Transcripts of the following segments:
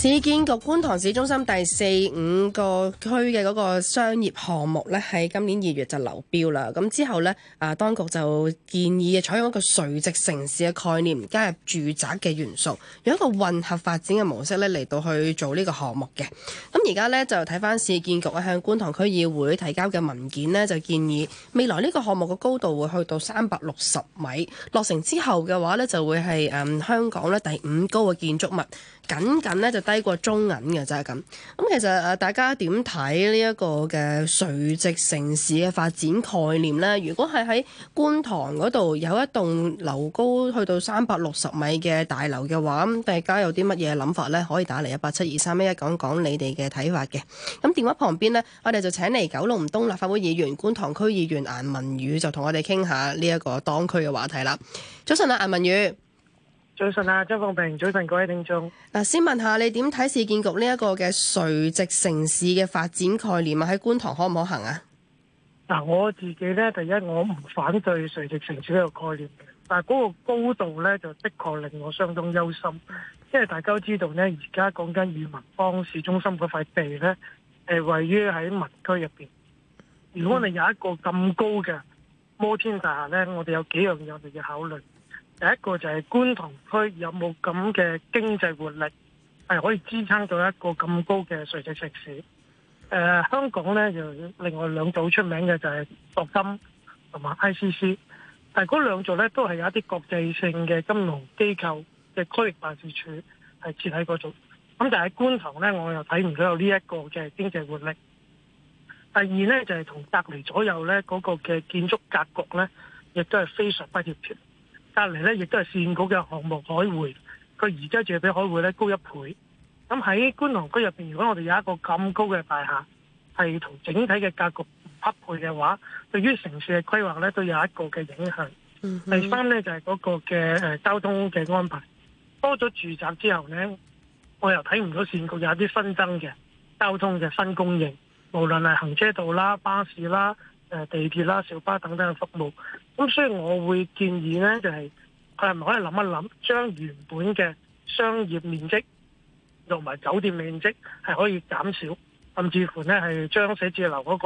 市建局觀塘市中心第四、五個區嘅嗰個商業項目咧，喺今年二月就流標啦。咁之後咧，啊，當局就建議，採用一個垂直城市嘅概念，加入住宅嘅元素，用一個混合發展嘅模式咧嚟到去做這個呢個項目嘅。咁而家咧就睇翻市建局啊向觀塘區議會提交嘅文件咧，就建議未來呢個項目嘅高度會去到三百六十米，落成之後嘅話咧就會係誒、嗯、香港咧第五高嘅建築物，僅僅咧就。低過中銀嘅就係咁。咁其實誒，大家點睇呢一個嘅垂直城市嘅發展概念呢？如果係喺觀塘嗰度有一棟樓高去到三百六十米嘅大樓嘅話，咁大家有啲乜嘢諗法呢？可以打嚟一八七二三一一講講你哋嘅睇法嘅。咁電話旁邊呢，我哋就請嚟九龍東立法會議員、觀塘區議員顏汶羽，就同我哋傾下呢一個當區嘅話題啦。早晨啊，顏汶羽。早晨啊，張鳳平，早晨各位聽眾。嗱，先問下你點睇市建局呢一個嘅垂直城市嘅發展概念啊？喺觀塘可唔可行啊？嗱，我自己咧，第一我唔反對垂直城市呢個概念，但係嗰個高度咧就的確令我相當憂心。因為大家都知道呢，而家講緊裕民坊市中心嗰塊地咧，誒位於喺民居入邊。如果你有一個咁高嘅摩天大廈咧，我哋有幾樣嘢我哋要考慮。第一個就係觀塘區有冇咁嘅經濟活力，係可以支撐到一個咁高嘅垂直城市誒、呃，香港咧就另外兩組出名嘅就係國金同埋 ICC，但係嗰兩組咧都係有一啲國際性嘅金融機構嘅區域辦事處係設喺嗰度。咁但係喺觀塘咧，我又睇唔到有呢一個嘅經濟活力。第二咧就係、是、同隔離左右咧嗰個嘅建築格局咧，亦都係非常不協調。隔離咧，亦都係市建局嘅項目海匯，佢而家仲比海匯咧高一倍。咁喺觀塘區入面，如果我哋有一個咁高嘅大廈，係同整體嘅格局唔匹配嘅話，對於城市嘅規劃咧，都有一個嘅影響。第三咧就係、是、嗰個嘅、呃、交通嘅安排，多咗住宅之後咧，我又睇唔到市建局有一啲新增嘅交通嘅新供應，無論係行車道啦、巴士啦。誒地鐵啦、小巴等等嘅服務，咁所以我會建議呢，就係佢係咪可以諗一諗，將原本嘅商業面積同埋酒店面積係可以減少，甚至乎呢係將寫字樓嗰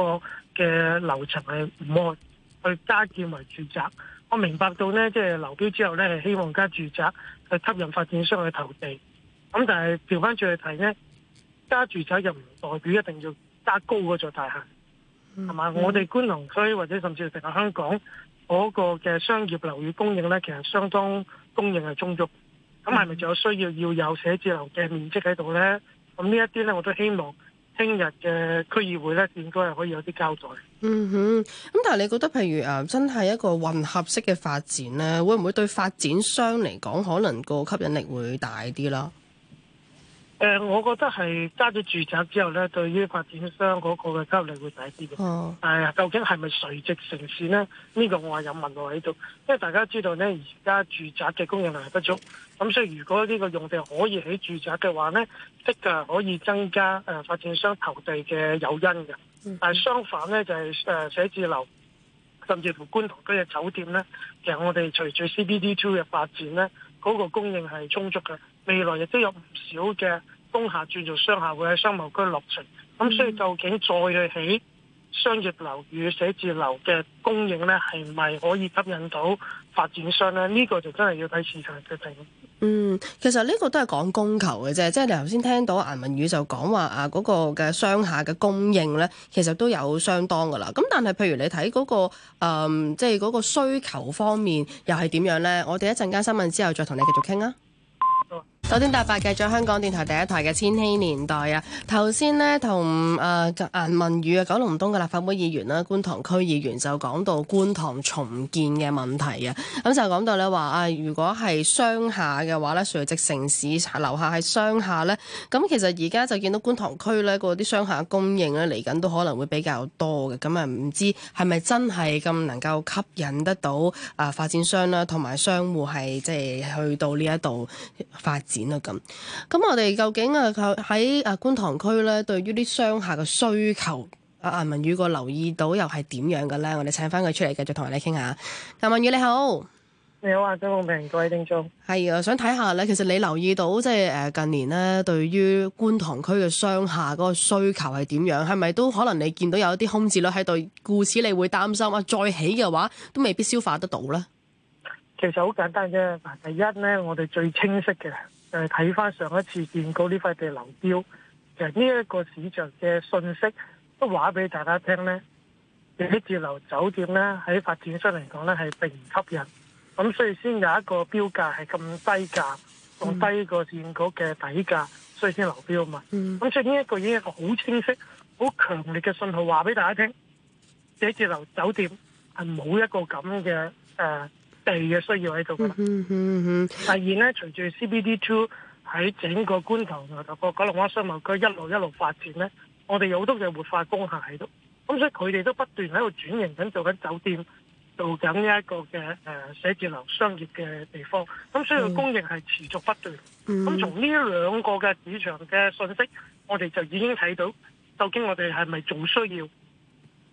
個嘅樓層係唔好去加建為住宅。我明白到呢，即係流標之後呢，係希望加住宅去吸引發展商去投地。咁但係調翻轉去睇呢，加住宅又唔代表一定要加高嗰座大廈。同埋、嗯嗯、我哋觀塘區或者甚至係成個香港嗰個嘅商業樓宇供應咧，其實相當供應係充足。咁係咪仲有需要要有寫字樓嘅面積喺度咧？咁呢一啲咧，我都希望聽日嘅區議會咧，應該係可以有啲交代。嗯哼。咁但係你覺得，譬如誒，真係一個混合式嘅發展咧，會唔會對發展商嚟講，可能個吸引力會大啲啦？誒、呃，我覺得係加咗住宅之後咧，對於發展商嗰個嘅交流會大啲嘅。哦，係啊，究竟係咪垂直城市咧？呢、呢個我係有問過喺度，因為大家知道咧，而家住宅嘅供應量係不足，咁所以如果呢個用地可以起住宅嘅話咧，的確可以增加誒發展商投地嘅誘因嘅。Mm hmm. 但係相反咧，就係誒寫字樓，甚至乎觀塘區嘅酒店咧，其實我哋隨住 CBD Two 嘅發展咧，嗰、嗰個供應係充足嘅。未來亦都有唔少嘅工廈轉做商廈，會喺商貿區落成。咁所以究竟再去起商業樓與寫字樓嘅供應呢，係咪可以吸引到發展商呢？呢個就真係要睇市場決定。嗯，其實呢個都係講供求嘅啫。即係你頭先聽到顏汶羽就講話啊，嗰個嘅商廈嘅供應呢，其實都有相當噶啦。咁但係譬如你睇嗰個誒，即係嗰個需求方面又係點樣呢？我哋一陣間新聞之後再同你繼續傾啊。首先，大白，繼續香港電台第一台嘅千禧年代啊，頭先咧同誒顏汶羽啊，九龍東嘅立法會議員啦，觀塘區議員就講到觀塘重建嘅問題啊，咁就講到咧話啊，如果係商廈嘅話咧，垂直城市樓下係商廈咧，咁其實而家就見到觀塘區咧，嗰啲商廈供應咧嚟，緊都可能會比較多嘅，咁啊唔知係咪真係咁能夠吸引得到啊發展商啦，同埋商戶係即係去到呢一度發展。咁，咁我哋究竟啊喺啊觀塘區咧，對於啲商廈嘅需求，阿、啊、顏汶羽個留意到又係點樣嘅咧？我哋請翻佢出嚟繼續同我哋傾下。阿汶羽你好，你好啊，張明，各位聽眾。係啊，想睇下咧，其實你留意到即係誒近年呢，對於觀塘區嘅商廈嗰個需求係點樣？係咪都可能你見到有一啲空置率喺度，故此你會擔心啊，再起嘅話都未必消化得到咧。其實好簡單啫。第一咧，我哋最清晰嘅。誒，睇返上一次見過呢塊地流標，其實呢一個市場嘅信息都話俾大家聽咧，寫字樓酒店咧喺發展商嚟講咧係並唔吸引，咁所以先有一個標價係咁低價，咁低過市場嘅底價，所以先流標啊嘛。咁、嗯嗯、所以呢一個已經有一個好清晰、好強烈嘅信號話俾大家聽，寫字樓酒店係冇一個咁嘅誒。呃地嘅需要喺度噶啦。嗯哼、嗯哼，第二咧，隨住 CBD Two 喺整個觀塘同埋，嗯嗯、個九龍灣商務區一路一路發展咧，我哋有好多嘅活化工廈喺度，咁所以佢哋都不斷喺度轉型緊，做緊酒店，做緊呢一個嘅誒，呃、寫字樓商業嘅地方，咁所以供應係持續不斷。咁，嗯、從呢兩個嘅市場嘅信息，我哋就已經睇到，究竟我哋係咪仲需要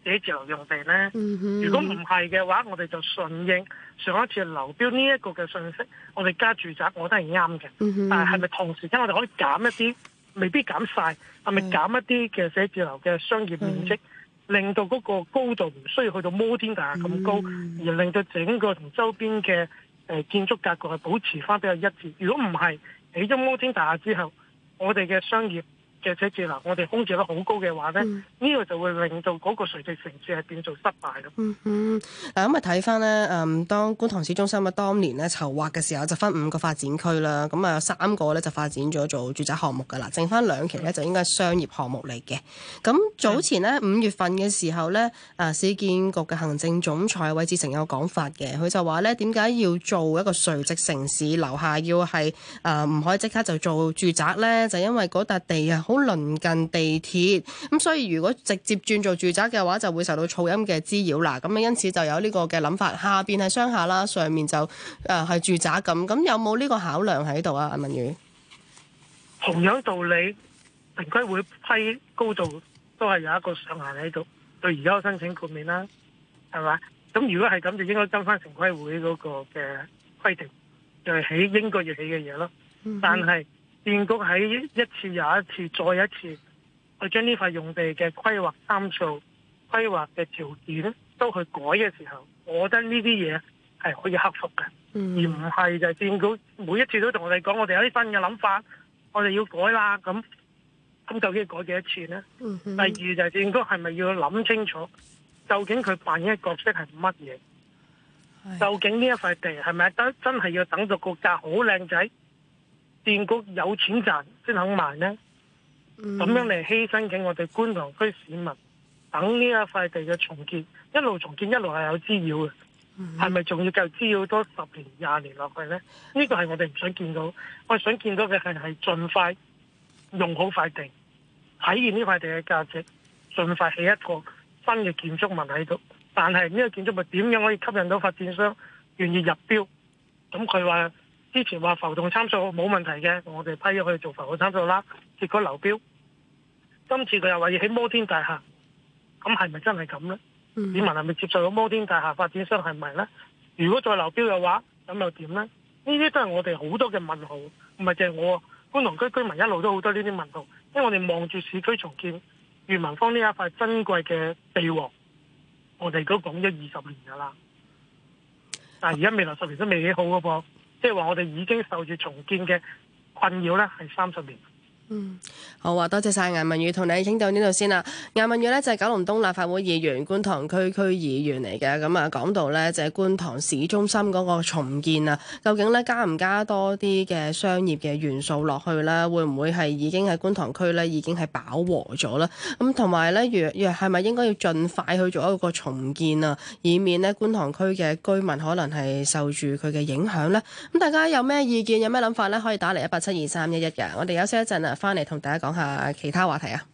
寫字樓用地咧，mm hmm. 如果唔係嘅話，我哋就順應上一次樓標呢一個嘅信息，我哋加住宅我都係啱嘅。Mm hmm. 但係係咪同時間我哋可以減一啲，未必減晒，係咪、mm hmm. 減一啲嘅寫字樓嘅商業面積，mm hmm. 令到嗰個高度唔需要去到摩天大廈咁高，mm hmm. 而令到整個同周邊嘅、呃、建築格局係保持翻比較一致。如果唔係起咗摩天大廈之後，我哋嘅商業。嘅住樓，我哋空置率好高嘅話呢呢、嗯、個就會令到嗰個垂直城市係變做失敗咯。嗯嗯，嗱咁啊睇翻呢？嗯，當觀塘市中心啊，當年咧籌劃嘅時候就分五個發展區啦，咁啊有三個呢，就發展咗做住宅項目㗎啦，剩翻兩期呢，就應該係商業項目嚟嘅。咁早前呢，五是月份嘅時候呢，啊市建局嘅行政總裁韋志成有個講法嘅，佢就話呢，點解要做一個垂直城市，樓下要係啊唔可以即刻就做住宅呢？就因為嗰笪地啊。好鄰近地鐵，咁所以如果直接轉做住宅嘅話，就會受到噪音嘅滋擾啦。咁啊，因此就有呢個嘅諗法，下邊係商廈啦，上面就誒係、呃、住宅咁。咁有冇呢個考量喺度啊？阿文宇，同樣道理，城規會批高度都係有一個上限喺度。對而家申請豁免啦，係嘛？咁如果係咁，就應該跟翻城規會嗰個嘅規定，就係起應該要起嘅嘢咯。嗯嗯，但係，市建局喺一次又一次、再一次去將呢塊用地嘅規劃參數、規劃嘅條件都去改嘅時候，我覺得呢啲嘢係可以克服嘅，嗯、而唔係就市建局每一次都同我哋講，我哋有啲新嘅諗法，我哋要改啦。咁咁究竟改幾多次呢？嗯、哼第二就係市建局係咪要諗清楚，究竟佢扮演嘅角色係乜嘢？是究竟呢一塊地係咪真真係要等到國家好靚仔？電局有錢賺先肯賣呢。嗯，咁樣嚟犧牲緊我哋觀塘區市民等呢一塊地嘅重建，一路重建一路係有滋擾嘅，係咪仲要繼續滋擾多十年廿年落去呢？呢、這個係我哋唔想見到，我想見到嘅係係盡快用好塊地，體現呢塊地嘅價值，盡快起一個新嘅建築物喺度。但係呢個建築物點樣可以吸引到發展商願意入標？咁佢話。之前話浮動參數冇問題嘅，我哋批咗去做浮動參數啦。結果流標，今次佢又話要喺摩天大廈，咁係咪真係咁呢？市民係咪接受到摩天大廈發展商係咪呢？如果再流標嘅話，咁又點呢？呢啲都係我哋好多嘅問號，唔係淨係我觀塘區居民一路都好多呢啲問號，因為我哋望住市區重建裕民坊呢一塊珍貴嘅地王，我哋都講咗二十年噶啦，但係而家未來十年都未起好嘅噃。即係話，我哋已經受住重建嘅困擾咧，係三十年。嗯、好啊，多謝晒顏汶羽，同你傾到呢度先啦。顏汶羽呢，就係、是、九龍東立法會議員、觀塘區區議員嚟嘅，咁、嗯、啊講到呢，就係、是、觀塘市中心嗰個重建啊，究竟呢，加唔加多啲嘅商業嘅元素落去呢？會唔會係已經喺觀塘區呢？已經係飽和咗啦？咁同埋呢，如係咪應該要盡快去做一個重建啊，以免呢觀塘區嘅居民可能係受住佢嘅影響呢？咁、嗯、大家有咩意見、有咩諗法呢？可以打嚟一八七二三一一嘅。我哋休息一陣啊。翻嚟同大家講下其他話題啊，